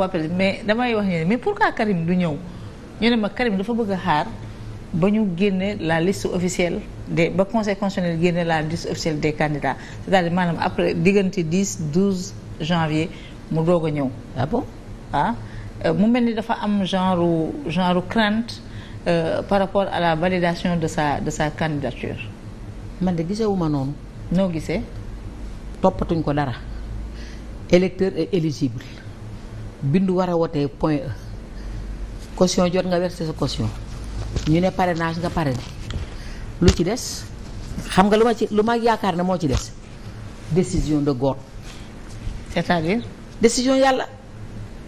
waa PDS mais damay wax ne mais pourquoi Karim du ñëw ñu ne ma Karim dafa bëgg a xaar ba ñu génne la liste officielle de ba conseil constitutionnel génne la liste officielle des candidats c'est-à-dire maanaam après diggante 10 12 janvier mu doog a ñëw. ah bon ah euh, mu mel ni dafa am genre genre crainte euh, par rapport à la validation de sa de sa candidature. man de gisewuma noonu. noo gisee. toppatuñ ko dara. électeur est éligible. bindu war a wotee point E caution jot nga verser sa caution ñu ne parrainage nga pare parrainé lu ci des xam nga lu ma ci lu ma yaakaar ne moo ci des décision de góor. c'est-à-dire. décision yàlla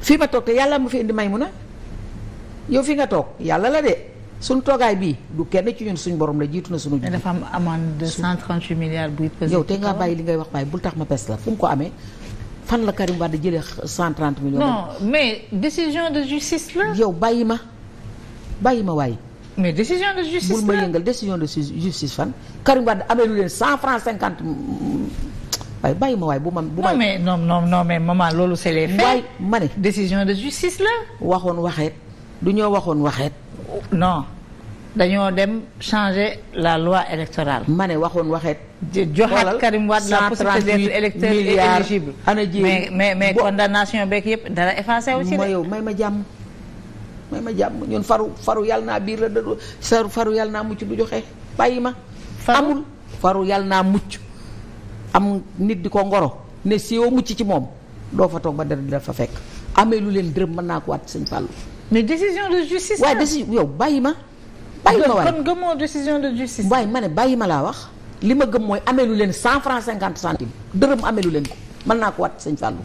fii ma toog te yàlla mu fi indi may mun a yow fi nga toog yàlla la de suñ toogaay bii du kenn ci ñun suñ borom la jiitu na suñu. jiitu dafa am amende de 138 milliards buy yow te ngaa bàyyi li ngay wax waaye bul tax ma pes la fu mu ko amee. fan la Karim Wade jëlee 130 millions. non mais décision de justice la. yow bàyyi ma bàyyi ma waaye. mais décision de justice la bul ma yëngal décision de justice fan Karim Wade amee lu leen 100 francs 50 waaye bàyyi ma waaye bu man bu ma non mais non non non mais maman loolu c'est les ma ne décision de justice la. waxoon waxeet du ñoo waxoon waxeet. non. dañoo dem changer la loi électorale. ma ne waxoon waxeet. joxaat Karim Wade la possibilité d'être électeur éligible mais mais mais condamnation beeg yëpp dara effacé wu ci ma yow may ma jàmm may ma jàmm ñun faru faru yàlla naa biir la da sa faru yàlla naa mucc du joxe bàyyi ma. amul faru yàlla naa mucc am nit di ko ngoro ne siiwoo mucc ci moom doo fa toog ba dara dina fa fekk amee lu leen dërëm mën naa ko waat sëñ Fallou. mais décision de justice. waaw décision yow bàyyi ma. bàyyi ma wax kon gëmoo décision waaye ma bàyyi ma laa wax li ma gëm mooy ameelu leen cent franc cinquante centimes dërëm ameelu leen ko mën naa ko waat sëñ Fallou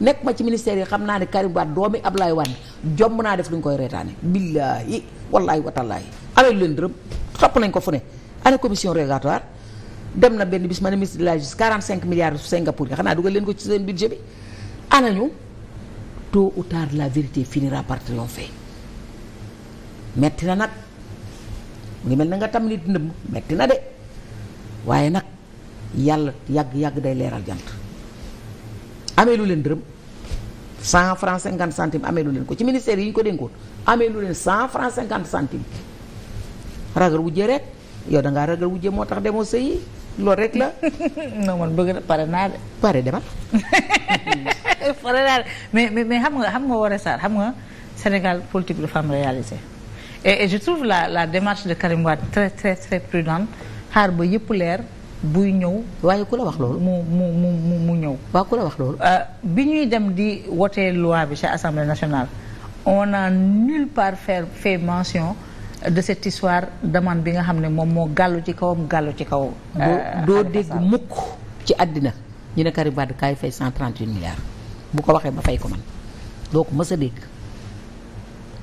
nekk ma ci ministère yi xam naa ne Karim Wade doomi Ablaye Wade jomb naa def lu ñu koy reetaane billaahi wallaahi watallaahi ameelu leen dërëm topp nañ ko fu ne année commission rogatoire dem na benn bis ma ne ministre de la justice cinq milliards Singapour yi xanaa dugal leen ko ci seen budget bi anañu tôt ou tard la vérité finira par triompher metti na mu ngi mel na nga tam nit ndëmm metti na de waaye nag yàlla yàgg-yàgg day leeral jant amee lu leen dërëm cent franc cinquante centimes amee lu leen ko ci ministère yi ñu ko dénkoon amee lu leen cent franc cinquante centime ragal wujje rek yow da ngaa ragal wujje moo tax demoo sëyi loolu rek la. non man bëgg na pare naa de. pare demal. mais mais xam nga xam nga war a saar xam nga Sénégal politique dafa am réalisé. et, et la la démarche de Karim Wade très très très prudente xaar ba yëpp leer buy ñëw. waaye ku la wax loolu. mu mu mu mu mu ñëw. waaw ku la wax loolu. Euh, bi ñuy dem di wotee loi bi ca assemblée nationale on n'a nulle part fait fait mention. de cette histoire demande bi nga xam ne moom moo gàllu ci kawam gàllu ci kaw doo euh, dégg mukk ci àddina ñu ne Karim Wade kaay fay 131 bu ko waxee ba fay ko man doo ko mës dégg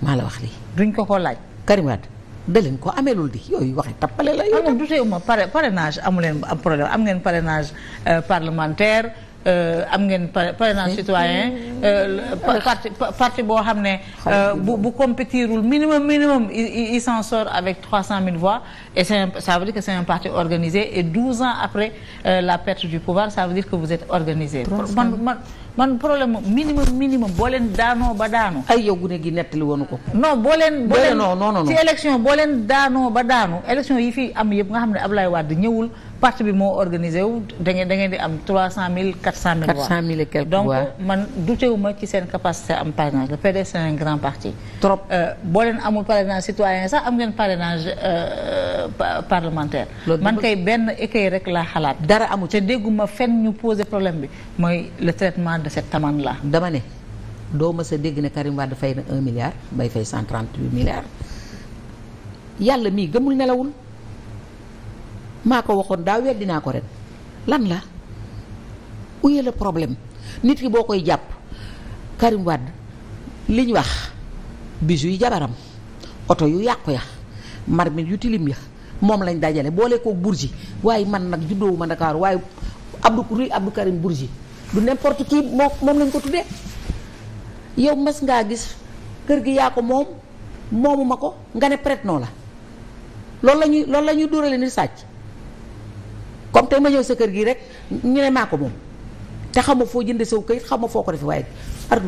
maa la wax lii. duñ ko ko laaj. Karim Wade ko amee lool ameelul di yooyu waxi tappale la. yooyu du teew ma parrainage amu leen am problème am ngeen parrainage euh, parlementaire euh, am ngeen parrainage citoyen euh, parti boo xam ne. bu bu compétirul minimum minimum il s'en sort avec trois cent mille voix et c'est ça veut parti organisé et douze ans après la perte du pouvoir ça veut dire que vous êtes organisé. man man. man problème minimum minimum boo leen daanoo ba daanu. ay yow gune gi nettali woonu ko. non boo leen. boo leen non non non ci élection boo leen daanoo ba daanu élection yi fi am yëpp nga xam ne Ablaye Wade ñëwul parti bi moo organisé wu da ngeen da ngeen di am trois cent mille quatre cent mille. quatre cent mille et quelques donc man dutewuma ci seen capacité am parrainage le PDS c'est un grand parti. trop euh, boo leen amul parrainage citoyen sax am ngeen parrainage. Euh, parlementaire. man kay benn écueil rek laa xalaat. dara amu ca dégguma fen ñu poser problème bi mooy le traitement de cette amende là. dama ne doo ma sa dégg ne Karim Wade fay na 1 milliard bay fay 138 milliards yàlla mii gëmul nelawul maa ko waxoon daaw weddi naa ko ren lan la où problème nit ki boo koy jàpp Karim Wade li ñu wax bis yi jabaram oto yu yàqu ya marmite yu tilim ya moom lañ dajale boole koog Bourgi waaye man nag juddoowu ma Dakar waaye Abdou Ruy Abdou Karim Bourgi du n'importe qui moom moom lañ ko tuddee yow mas ngaa gis kër gi yaa ko moom moomuma ko nga ne prête noo la loolu la ñuy loolu la ñuy dóorale ni sàcc comme tey ma ñëw sa kër gi rek ñu ne maa ko moom te xam ma foo jënde saw kayit xam ma foo ko defee waaye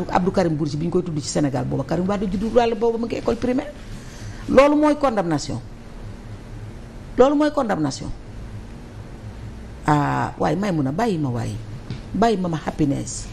Abdou Karim Bourgi bi ñu koy tudd ci Sénégal booba Karim Wade juddu wàll booba mu ngi école primaire loolu mooy condamnation loolu mooy condamnation ah waaye may mun a bàyyi ma waaye bàyyi ma ma happiness